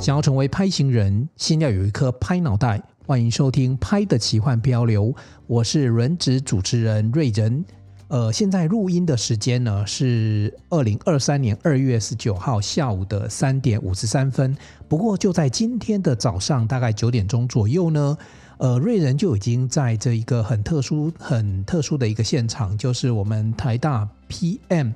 想要成為 Pi 型人，先要有一顆 Pi 腦袋。歡迎收聽《Pi 的奇幻漂流》，我是輪值主持人瑞仁。呃，現在錄音的時間呢是二零二三年二月十九號下午的三點五十三分。不過就在今天的早上，大概九點鐘左右呢，呃，瑞仁就已經在這一個很特殊、很特殊的一個現場，就是我們台大 PM。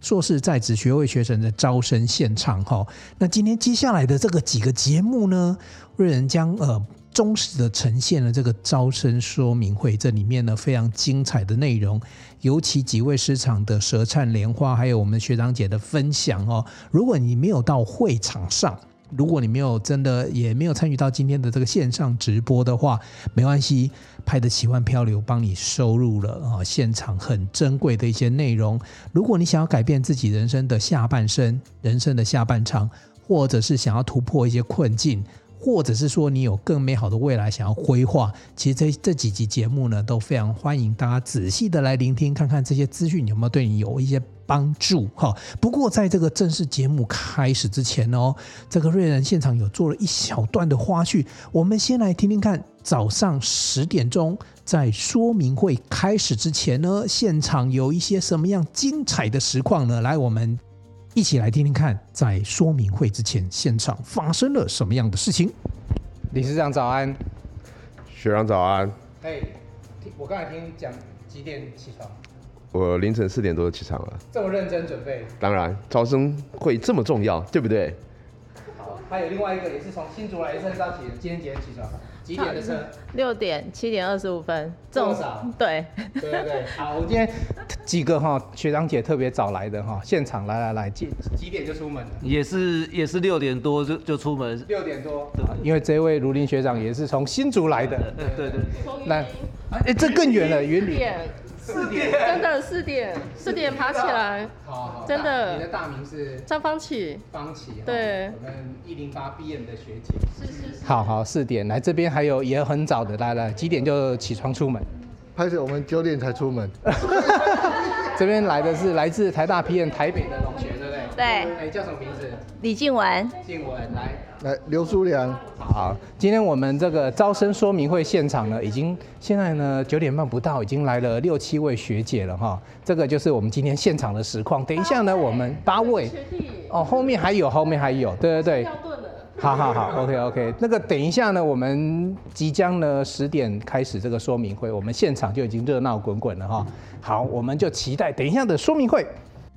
碩士在職學位學生的招生現場，哦，哈，那今天接下來的這個幾個節目呢，瑞人將呃忠實地呈現了這個招生說明會，這裡面呢非常精彩的內容，尤其幾位師長的舌燦蓮花，還有我們學長姐的分享哦。如果你沒有到會場上，如果你沒有真的也沒有參與到今天的這個線上直播的話，沒關係，Pi 的奇幻漂流幫你收錄了啊，現場很珍貴的一些內容。如果你想要改變自己人生的下半生，人生的下半場，或者是想要突破一些困境。或者是說你有更美好的未來想要規劃，其實這這幾集節目呢都非常歡迎大家仔細的來聆聽，看看這些資訊有沒有對你有一些幫助哈。不過在這個正式節目開始之前哦，這個瑞人現場有做了一小段的花絮，我們先來聽聽看，早上十點鐘在說明會開始之前呢，現場有一些什麼樣精彩的實況呢？來，我們。一起來聽聽看，在說明會之前，現場發生了什麼樣的事情？理事長早安，學長早安。嘿，hey, 我剛才聽講幾點起床？我凌晨四點多就起床了。這麼認真準備？當然，招生會這麼重要，對不對？還有另外一個也是從新竹來一，學長姐今天幾點起床？幾點的車？六點七點二十五分。這麼早？對少對對對。 好，我今天幾個哈學長姐特別早來的哈，現場來來來，幾幾點就出門？也是也是六點多就就出門。六點多。對因為這位儒林學長也是從新竹來的。對,對對。那哎對對對、欸，這更遠了，遠點雲。雲四點，真的四點，四點爬起來，好，好，真的。你的大名是張方啟，方啟琪，對，我們一零八 PM 的學姐，是是是。好好，四點來這邊還有也很早的，來來幾點就起床出門，拍攝我們九點才出門。 這邊來的是來自台大 PM，台北的龍。對，哎、欸，叫什麼名字？李靜文。靜文，來來，劉淑良好。好，今天我們這個招生說明會現場呢，已經現在呢九點半不到，已經來了六七位學姐了哈。這個就是我們今天現場的實況。等一下呢，我們八位哦，後面還有，後面還有，對對對。好好好，OK OK。那個等一下呢，我們即將呢十點開始這個說明會，我們現場就已經熱鬧滾滾了哈。好，我們就期待等一下的說明會。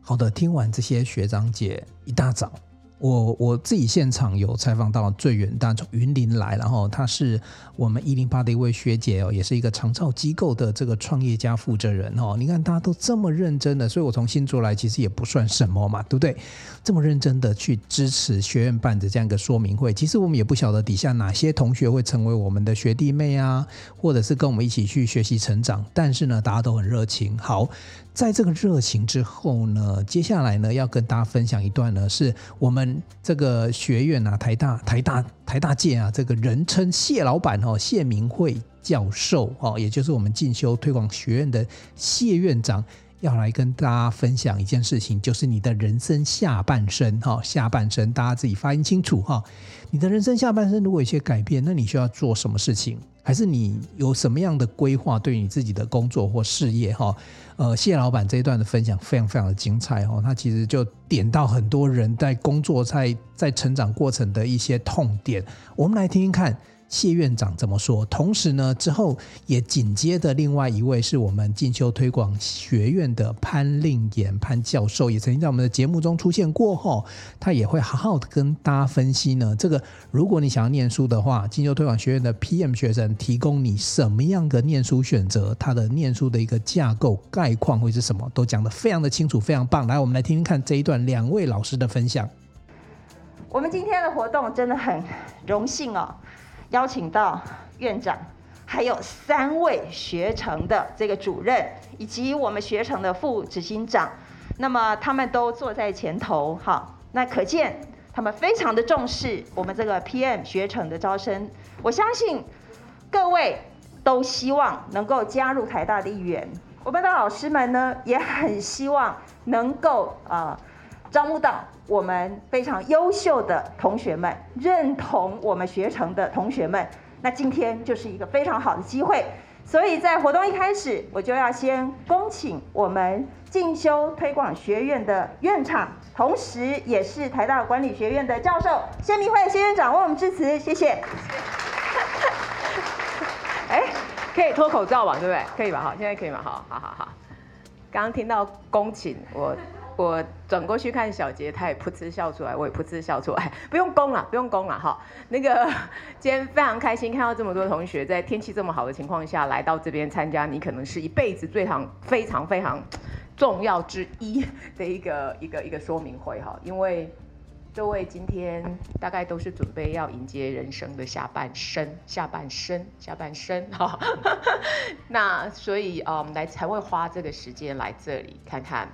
好的，聽完這些學長姐一大早，我我自己現場有採訪到最遠，大從雲林來了，然後她是我們一零八的一位學姐哦，也是一個長照機構的這個創業家負責人哦。你看大家都這麼認真的，所以我從新竹來其實也不算什麼嘛，對不對？這麼認真的去支持學院辦的這樣一個說明會，其實我們也不曉得底下哪些同學會成為我們的學弟妹啊，或者是跟我們一起去學習成長，但是呢，大家都很熱情。好。在這個熱情之後呢，接下來呢，要跟大家分享一段呢，是我們這個學院啊，台大台大台大界啊，這個人稱謝老板哦，謝明慧教授哦，也就是我們進修推廣學院的謝院長，要來跟大家分享一件事情，就是你的人生下半生哈、哦，下半生大家自己發音清楚哈、哦，你的人生下半生如果有些改變，那你需要做什麼事情？還是你有什麼樣的規劃，對於你自己的工作或事業哦？哈，呃，謝老板這一段的分享非常非常的精彩哈，哦，他其實就點到很多人在工作、在在成長過程的一些痛點。我們來聽聽看。謝院長怎麼說，同時呢，之後也緊接着另外一位是我們進修推廣學院的潘令妍潘教授，也曾經在我們的節目中出現過後，他也會好好的跟大家分析呢，這個如果你想要念書的話，進修推廣學院的 PM 學生提供你什麼樣的念書選擇，他的念書的一個架構概況會是什麼，都講得非常的清楚，非常棒。來，我們來聽聽看這一段兩位老師的分享。我們今天的活動真的很榮幸哦，邀請到院長，還有三位學程的這個主任，以及我們學程的副執行長，那麼他們都坐在前頭，哈，那可見他們非常的重視我們這個 PM 學程的招生。我相信各位都希望能夠加入台大的一員，我們的老師們呢也很希望能夠啊。呃招募到我們非常優秀的同學們，認同我們學程的同學們，那今天就是一個非常好的機會。所以在活動一開始，我就要先恭請我們進修推廣學院的院長，同時也是台大管理學院的教授，謝明慧謝院長為我們致詞，謝謝。哎 可以脫口罩吧？對不對？可以吧？好，現在可以嗎？好好好，好，剛剛聽到恭請我。我轉過去看小杰，他也噗嗤笑出來，我也噗嗤笑出來。不用恭了，不用恭了哈。那個今天非常開心，看到這麼多同學在天氣這麼好的情況下來到這邊參加，你可能是一輩子最常、非常、非常重要之一的一個一個一個說明會哈。因為各位今天大概都是準備要迎接人生的下半生、下半生、下半生哈、哈。那所以呃，我們來、嗯、才會花這個時間來這裡看看。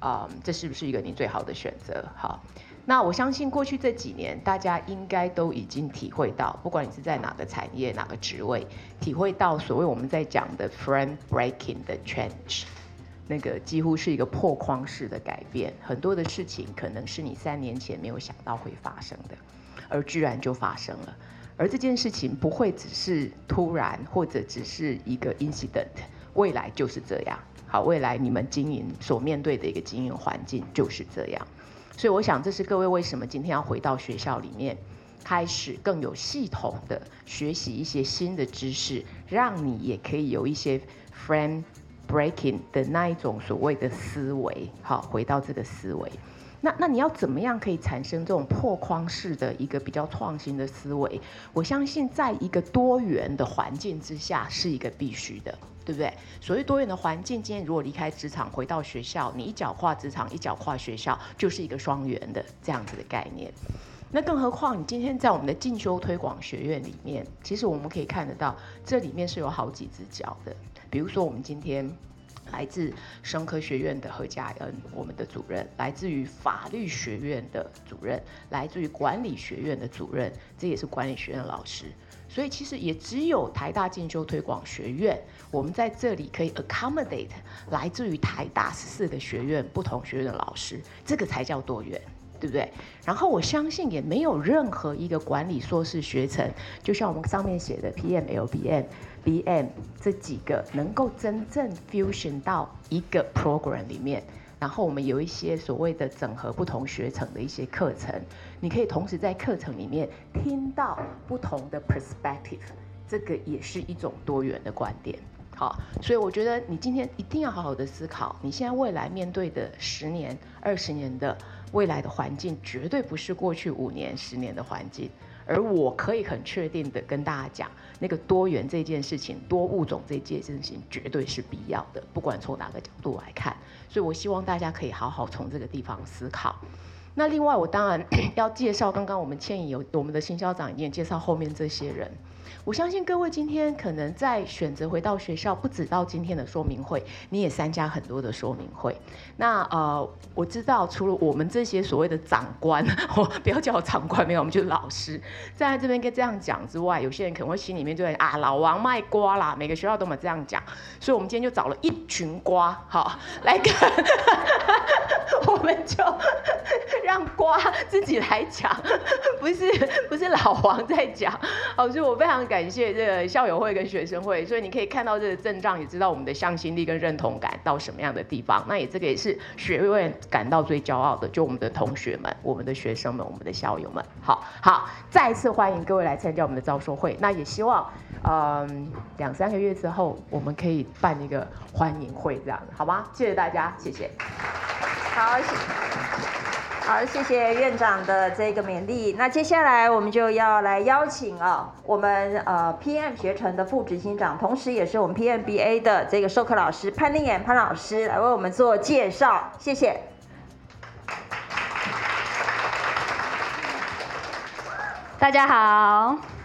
啊，um, 這是不是一個你最好的選擇？好，那我相信過去這幾年，大家應該都已經體會到，不管你是在哪個產業、哪個職位，體會到所謂我們在講的 frame breaking 的 change，那個幾乎是一個破框式的改變，很多的事情可能是你三年前沒有想到會發生的，而居然就發生了。而這件事情不會只是突然，或者只是一個 incident，未來就是這樣。未來你們經營所面對的一個經營環境就是這樣，所以我想這是各位為什麼今天要回到學校裡面，開始更有系統的學習一些新的知識，讓你也可以有一些 frame breaking 的那一種所謂的思維，好，回到這個思維。那那你要怎麼樣可以產生這種破框式的一個比較創新的思維？我相信，在一個多元的環境之下，是一個必須的，對不對？所謂多元的環境，今天如果離開職場回到學校，你一腳跨職場，一腳跨學校，就是一個雙元的這樣子的概念。那更何況你今天在我們的進修推廣學院裡面，其實我們可以看得到，這裡面是有好幾隻腳的。比如說我們今天。來自生科學院的何家恩、呃，我們的主任；來自於法律學院的主任；來自於管理學院的主任，這也是管理學院的老師。所以其實也只有台大進修推廣學院，我們在這裡可以 accommodate 來自於台大十四個學院不同學院的老師，這個才叫多元，對不對？然後我相信也沒有任何一個管理碩士學程，就像我們上面寫的 P M L B M。B、M 這幾個能夠真正 fusion 到一個 program 裡面，然後我們有一些所謂的整合不同學程的一些課程，你可以同時在課程裡面聽到不同的 perspective，這個也是一種多元的觀點。好，所以我覺得你今天一定要好好的思考，你現在未來面對的十年、二十年的未來的環境，絕對不是過去五年、十年的環境。而我可以很確定的跟大家講，那個多元這件事情，多物種這件事情，絕對是必要的，不管從哪個角度來看。所以我希望大家可以好好從這個地方思考。那另外，我當然要介紹剛剛我們倩怡有我們的新校長已經也介紹後面這些人。我相信各位今天可能在選擇回到學校，不止到今天的說明會，你也參加很多的說明會。那呃，我知道除了我們這些所謂的長官，我、哦，不要叫我長官，沒有，我們就是老師，站在這邊跟這樣講之外，有些人可能會心裡面就會啊，老王賣瓜啦，每個學校都嘛這樣講，所以我們今天就找了一群瓜，好，來看， 我們就讓瓜自己來講，不是不是老王在講、哦，所以我非常。非常感謝這個校友會跟學生會，所以你可以看到這個陣仗，也知道我們的向心力跟認同感到什麼樣的地方。那也這個也是學院感到最驕傲的，就我們的同學們、我們的學生們、我們的校友們。好好，再一次歡迎各位來參加我們的招收會。那也希望，嗯，兩三個月之後，我們可以辦一個歡迎會，這樣好嗎？謝謝大家，謝謝。好。謝謝。好，謝謝院長的這個勉勵。那接下來我們就要來邀請啊，我們呃 PM 學程的副執行長，同時也是我們 PMBA 的這個授課老師潘令妍潘老師來為我們做介紹。謝謝。大家好。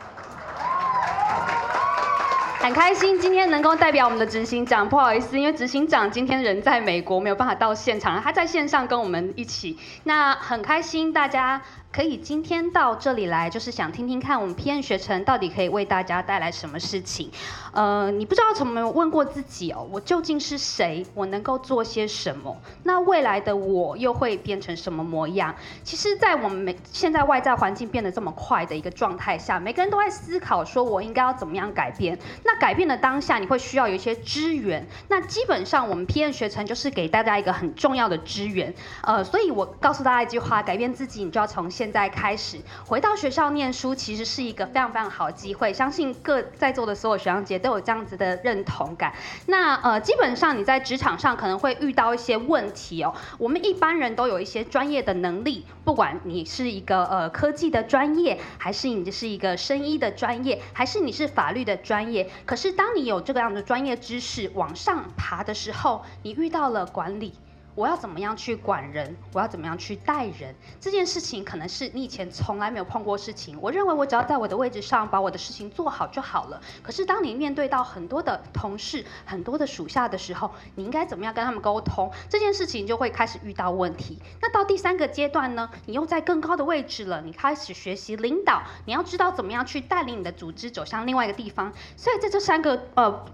很開心今天能夠代表我們的執行長，不好意思，因為執行長今天人在美國，沒有辦法到現場，他在線上跟我們一起。那很開心大家可以今天到這裡來，就是想聽聽看我們 PM 學程到底可以為大家帶來什麼事情。呃，你不知道從沒有問過自己哦，我究竟是誰？我能夠做些什麼？那未來的我又會變成什麼模樣？其實，在我們每現在外在環境變得這麼快的一個狀態下，每個人都在思考，說我應該要怎麼樣改變？那改變的當下，你會需要有一些資源。那基本上，我們 PM 學程就是給大家一個很重要的資源。呃，所以我告訴大家一句話：改變自己，你就要從現在開始。回到學校念書，其實是一個非常非常好的機會。相信各在座的所有學長姐都有這樣子的認同感。那呃，基本上你在職場上可能會遇到一些問題哦。我們一般人都有一些專業的能力，不管你是一個呃科技的專業，還是你是一個生醫的專業，還是你是法律的專業。可是，當你有這個樣的專業知識往上爬的時候，你遇到了管理。我要怎麼樣去管人？我要怎麼樣去帶人？這件事情可能是你以前從來沒有碰過事情。我認為我只要在我的位置上把我的事情做好就好了。可是當你面對到很多的同事、很多的屬下的時候，你應該怎麼樣跟他們溝通？這件事情就會開始遇到問題。那到第三個階段呢？你又在更高的位置了，你開始學習領導，你要知道怎麼樣去帶領你的組織走向另外一個地方。所以在這三個呃。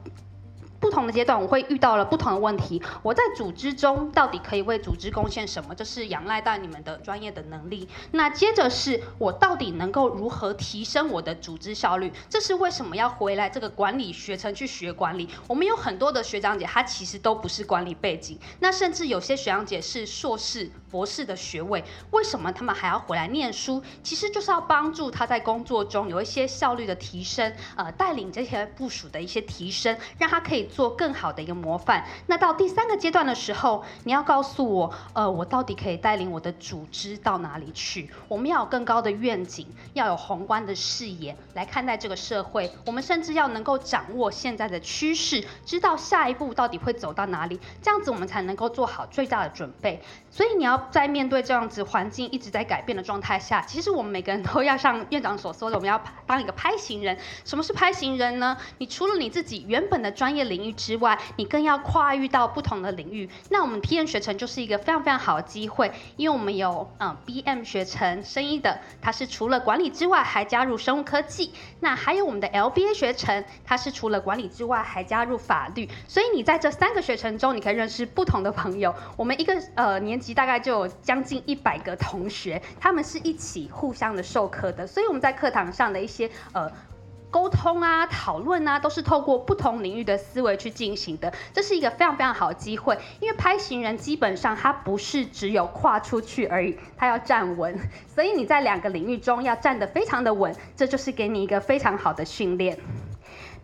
不同的階段，我會遇到了不同的問題。我在組織中到底可以為組織貢獻什麼？這是仰賴到你們的專業的能力。那接着是我到底能夠如何提升我的組織效率？這是為什麼要回來這個管理學程去學管理？我們有很多的學長姐，她其實都不是管理背景。那甚至有些學長姐是碩士、博士的學位，為什麼他們還要回來念書？其實就是要幫助他在工作中有一些效率的提升，呃，帶領這些部屬的一些提升，讓他可以。做更好的一個模範。那到第三個階段的時候，你要告訴我，呃，我到底可以帶領我的組織到哪裡去？我們要有更高的願景，要有宏觀的視野來看待這個社會。我們甚至要能夠掌握現在的趨勢，知道下一步到底會走到哪裡。這樣子，我們才能夠做好最大的準備。所以，你要在面對這樣子環境一直在改變的狀態下，其實我們每個人都要像院長所說的，我們要幫一個 Pi 型人。什麼是 Pi 型人呢？你除了你自己原本的專業領，領域之外，你更要跨域到不同的領域。那我們 PM 學程就是一個非常非常好的機會，因為我們有嗯、呃、BM 學程，生醫的，它是除了管理之外，還加入生物科技。那還有我們的 LBA 學程，它是除了管理之外，還加入法律。所以你在這三個學程中，你可以認識不同的朋友。我們一個呃年級大概就有將近一百個同學，他們是一起互相的授課的。所以我們在課堂上的一些呃。溝通啊，討論啊，都是透過不同領域的思維去進行的。這是一個非常非常好的機會，因為 Pi 型人基本上他不是只有跨出去而已，他要站穩。所以你在兩個領域中要站得非常的穩，這就是給你一個非常好的訓練。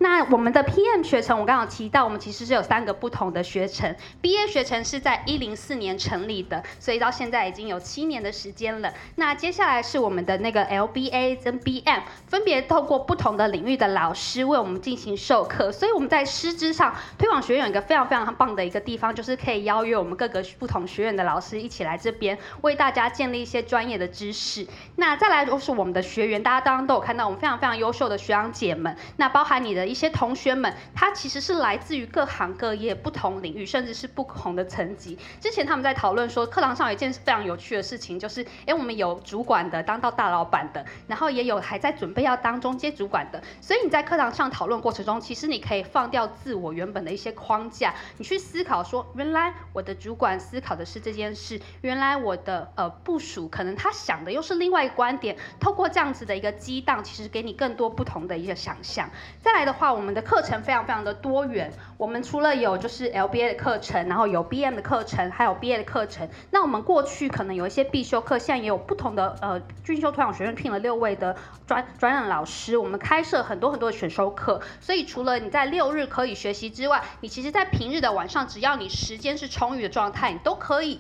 那我們的 PM 學程，我剛剛有提到，我們其實是有三個不同的學程。BA 學程是在一零四年成立的，所以到現在已經有七年的時間了。那接下來是我們的那個 LBA 跟 BM，分別透過不同的領域的老師為我們進行授課。所以我們在師資上推廣學院有一個非常非常棒的一個地方，就是可以邀約我們各個不同學院的老師一起來這邊為大家建立一些專業的知識。那再來就是我們的學員，大家當然都有看到我們非常非常優秀的學長姐們，那包含你的。一些同學們，他其實是來自於各行各業、不同領域，甚至是不同的層級。之前他們在討論說，課堂上有一件非常有趣的事情就是，哎，我們有主管的，當到大老闆的，然後也有還在準備要當中階主管的。所以你在課堂上討論過程中，其實你可以放掉自我原本的一些框架，你去思考說，原來我的主管思考的是這件事，原來我的呃部屬，可能他想的又是另外一個觀點。透過這樣子的一個激盪，其實給你更多不同的一個想象。再來的話。的話我們的課程非常非常的多元，我們除了有就是 LBA 的課程，然後有 BM 的課程，還有 BA 的課程。那我們過去可能有一些必修課，現在也有不同的呃，進修推廣學院聘了六位的專專任老師，我們開設很多很多的選修課。所以除了你在六日可以學習之外，你其實在平日的晚上，只要你時間是充裕的狀態，你都可以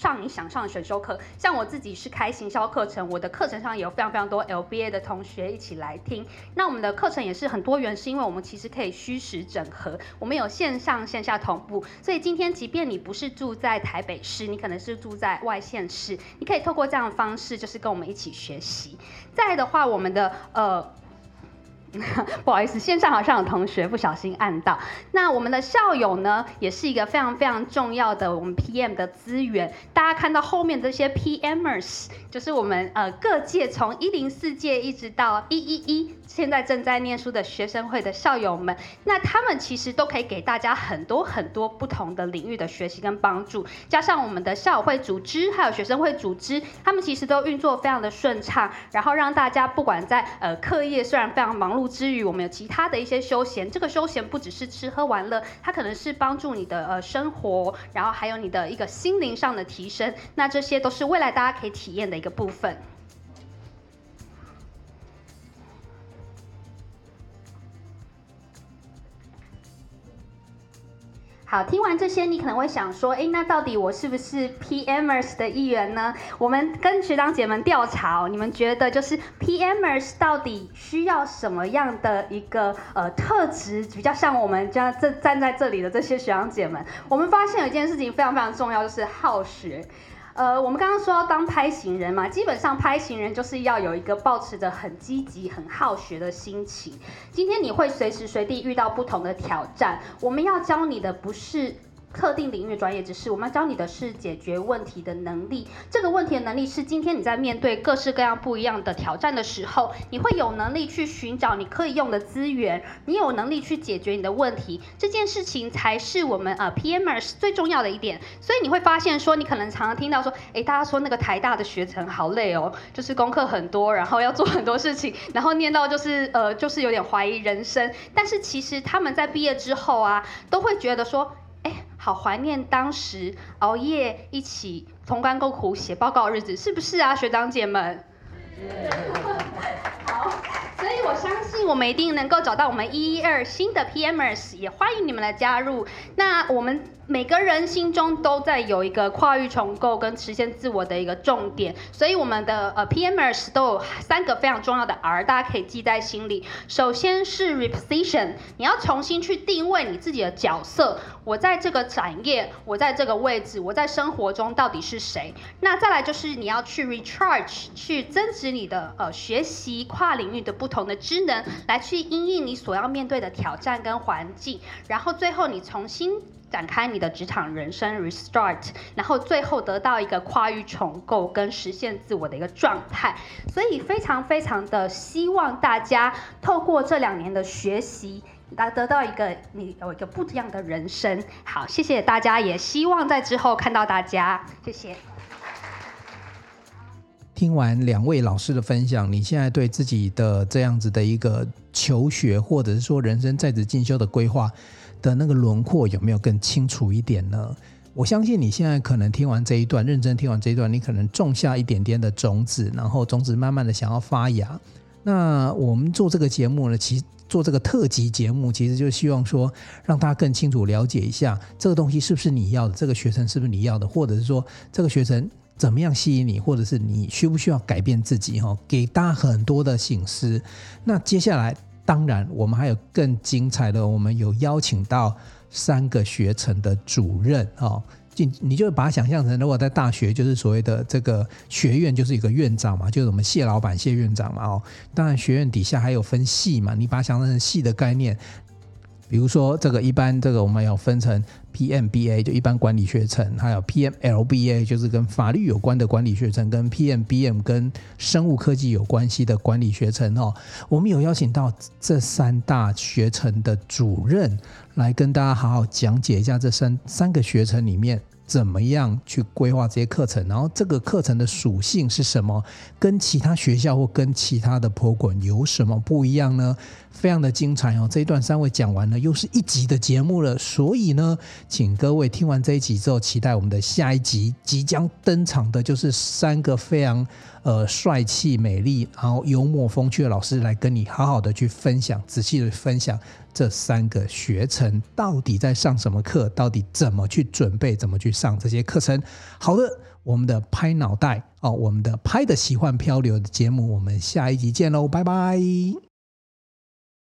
上你想上的選修課，像我自己是開行銷課程，我的課程上也有非常非常多 LBA 的同學一起來聽。那我們的課程也是很多元，是因為我們其實可以虛實整合，我們有線上線下同步，所以今天即便你不是住在台北市，你可能是住在外縣市，你可以透過這樣的方式，就是跟我們一起學習。再來的話，我們的呃。 不好意思，線上好像有同學不小心按到。那我們的校友呢，也是一個非常非常重要的我們 PM 的資源。大家看到後面這些 PMers，就是我們呃各屆從一零四屆一直到一一一，現在正在念書的學生會的校友們，那他們其實都可以給大家很多很多不同的領域的學習跟幫助。加上我們的校友會組織還有學生會組織，他們其實都運作非常的順暢，然後讓大家不管在呃課業雖然非常忙碌。之餘，我們有其他的一些休閒。這個休閒不只是吃喝玩樂，它可能是幫助你的呃生活，然後還有你的一個心靈上的提升。那這些都是未來大家可以體驗的一個部分。好，聽完這些，你可能會想說，哎、欸，那到底我是不是 PMers 的一員呢？我們跟學長姐們調查哦，你們覺得就是 PMers 到底需要什麼樣的一個呃特質？比較像我們家這站在這裡的這些學長姐們，我們發現有一件事情非常非常重要，就是好學。呃，我們剛剛說要當 Pi 型人嘛，基本上 Pi 型人就是要有一個抱持着很積極、很好學的心情。今天你會隨時隨地遇到不同的挑戰，我們要教你的不是特定領域專業知識，我們要教你的是解決問題的能力。這個問題的能力是今天你在面對各式各樣不一樣的挑戰的時候，你會有能力去尋找你可以用的資源，你有能力去解決你的問題。這件事情才是我們呃 PMers 最重要的一點。所以你會發現說，你可能常常聽到說，哎、欸，大家說那個台大的學程好累哦，就是功課很多，然後要做很多事情，然後念到就是呃就是有點懷疑人生。但是其實他們在畢業之後啊，都會覺得說。好懷念當時熬夜一起同甘共苦寫報告的日子，是不是啊，學長姐們？是 Yeah. 好。我相信我們一定能夠找到我們一一二新的 PMers，也歡迎你們的加入。那我們每個人心中都在有一個跨域重構跟實現自我的一個重點，所以我們的呃 PMers 都有三個非常重要的 R，大家可以記在心裡。首先是 Reposition，你要重新去定位你自己的角色。我在這個產業，我在這個位置，我在生活中到底是誰？那再來就是你要去 Recharge，去增值你的呃學習跨領域的不同的職能來去因應你所要面對的挑戰跟環境，然後最後你重新展開你的職場人生 restart，然後最後得到一個跨域重構跟實現自我的一個狀態。所以非常非常的希望大家透過這兩年的學習，得得到一個你有一個不一樣的人生。好，謝謝大家，也希望在之後看到大家，謝謝。聽完兩位老師的分享，你現在對自己的這樣子的一個求學，或者是說人生在職進修的規劃的那個輪廓，有沒有更清楚一點呢？我相信你現在可能聽完這一段，認真聽完這一段，你可能種下一點點的種子，然後種子慢慢的想要發芽。那我們做這個節目呢，其實做這個特輯節目，其實就希望說，讓大家更清楚了解一下，這個東西是不是你要的，這個學程是不是你要的，或者是說這個學程。怎麼樣吸引你，或者是你需不需要改變自己？哈，給大家很多的省思。那接下來，當然我們還有更精彩的。我們有邀請到三個學程的主任，哦，就你就把它想象成，如果在大學就是所謂的這個學院，就是一個院長嘛，就是我們謝老板、謝院長嘛，哦，當然學院底下還有分系嘛，你把它想象成系的概念。比如說，這個一般這個我們要分成。PMBA 就一般管理學程，還有 PMLBA 就是跟法律有關的管理學程，跟 PMBM 跟生物科技有關係的管理學程哦。我們有邀請到這三大學程的主任來跟大家好好講解一下這三三個學程裡面。怎麼樣去規劃這些課程？然後這個課程的屬性是什麼？跟其他學校或跟其他的 program 有什麼不一樣呢？非常的精彩哦！這一段三位講完了，又是一集的節目了。所以呢，請各位聽完這一集之後，期待我們的下一集即將登場的，就是三個非常。呃，帥氣、美麗，然後幽默風趣的老師來跟你好好的去分享，仔細的分享這三個學程到底在上什麼課，到底怎麼去準備，怎麼去上這些課程。好的，我們的 Pi 腦袋哦，我們的 Pi 的奇幻漂流的節目，我們下一集見嘍，拜拜。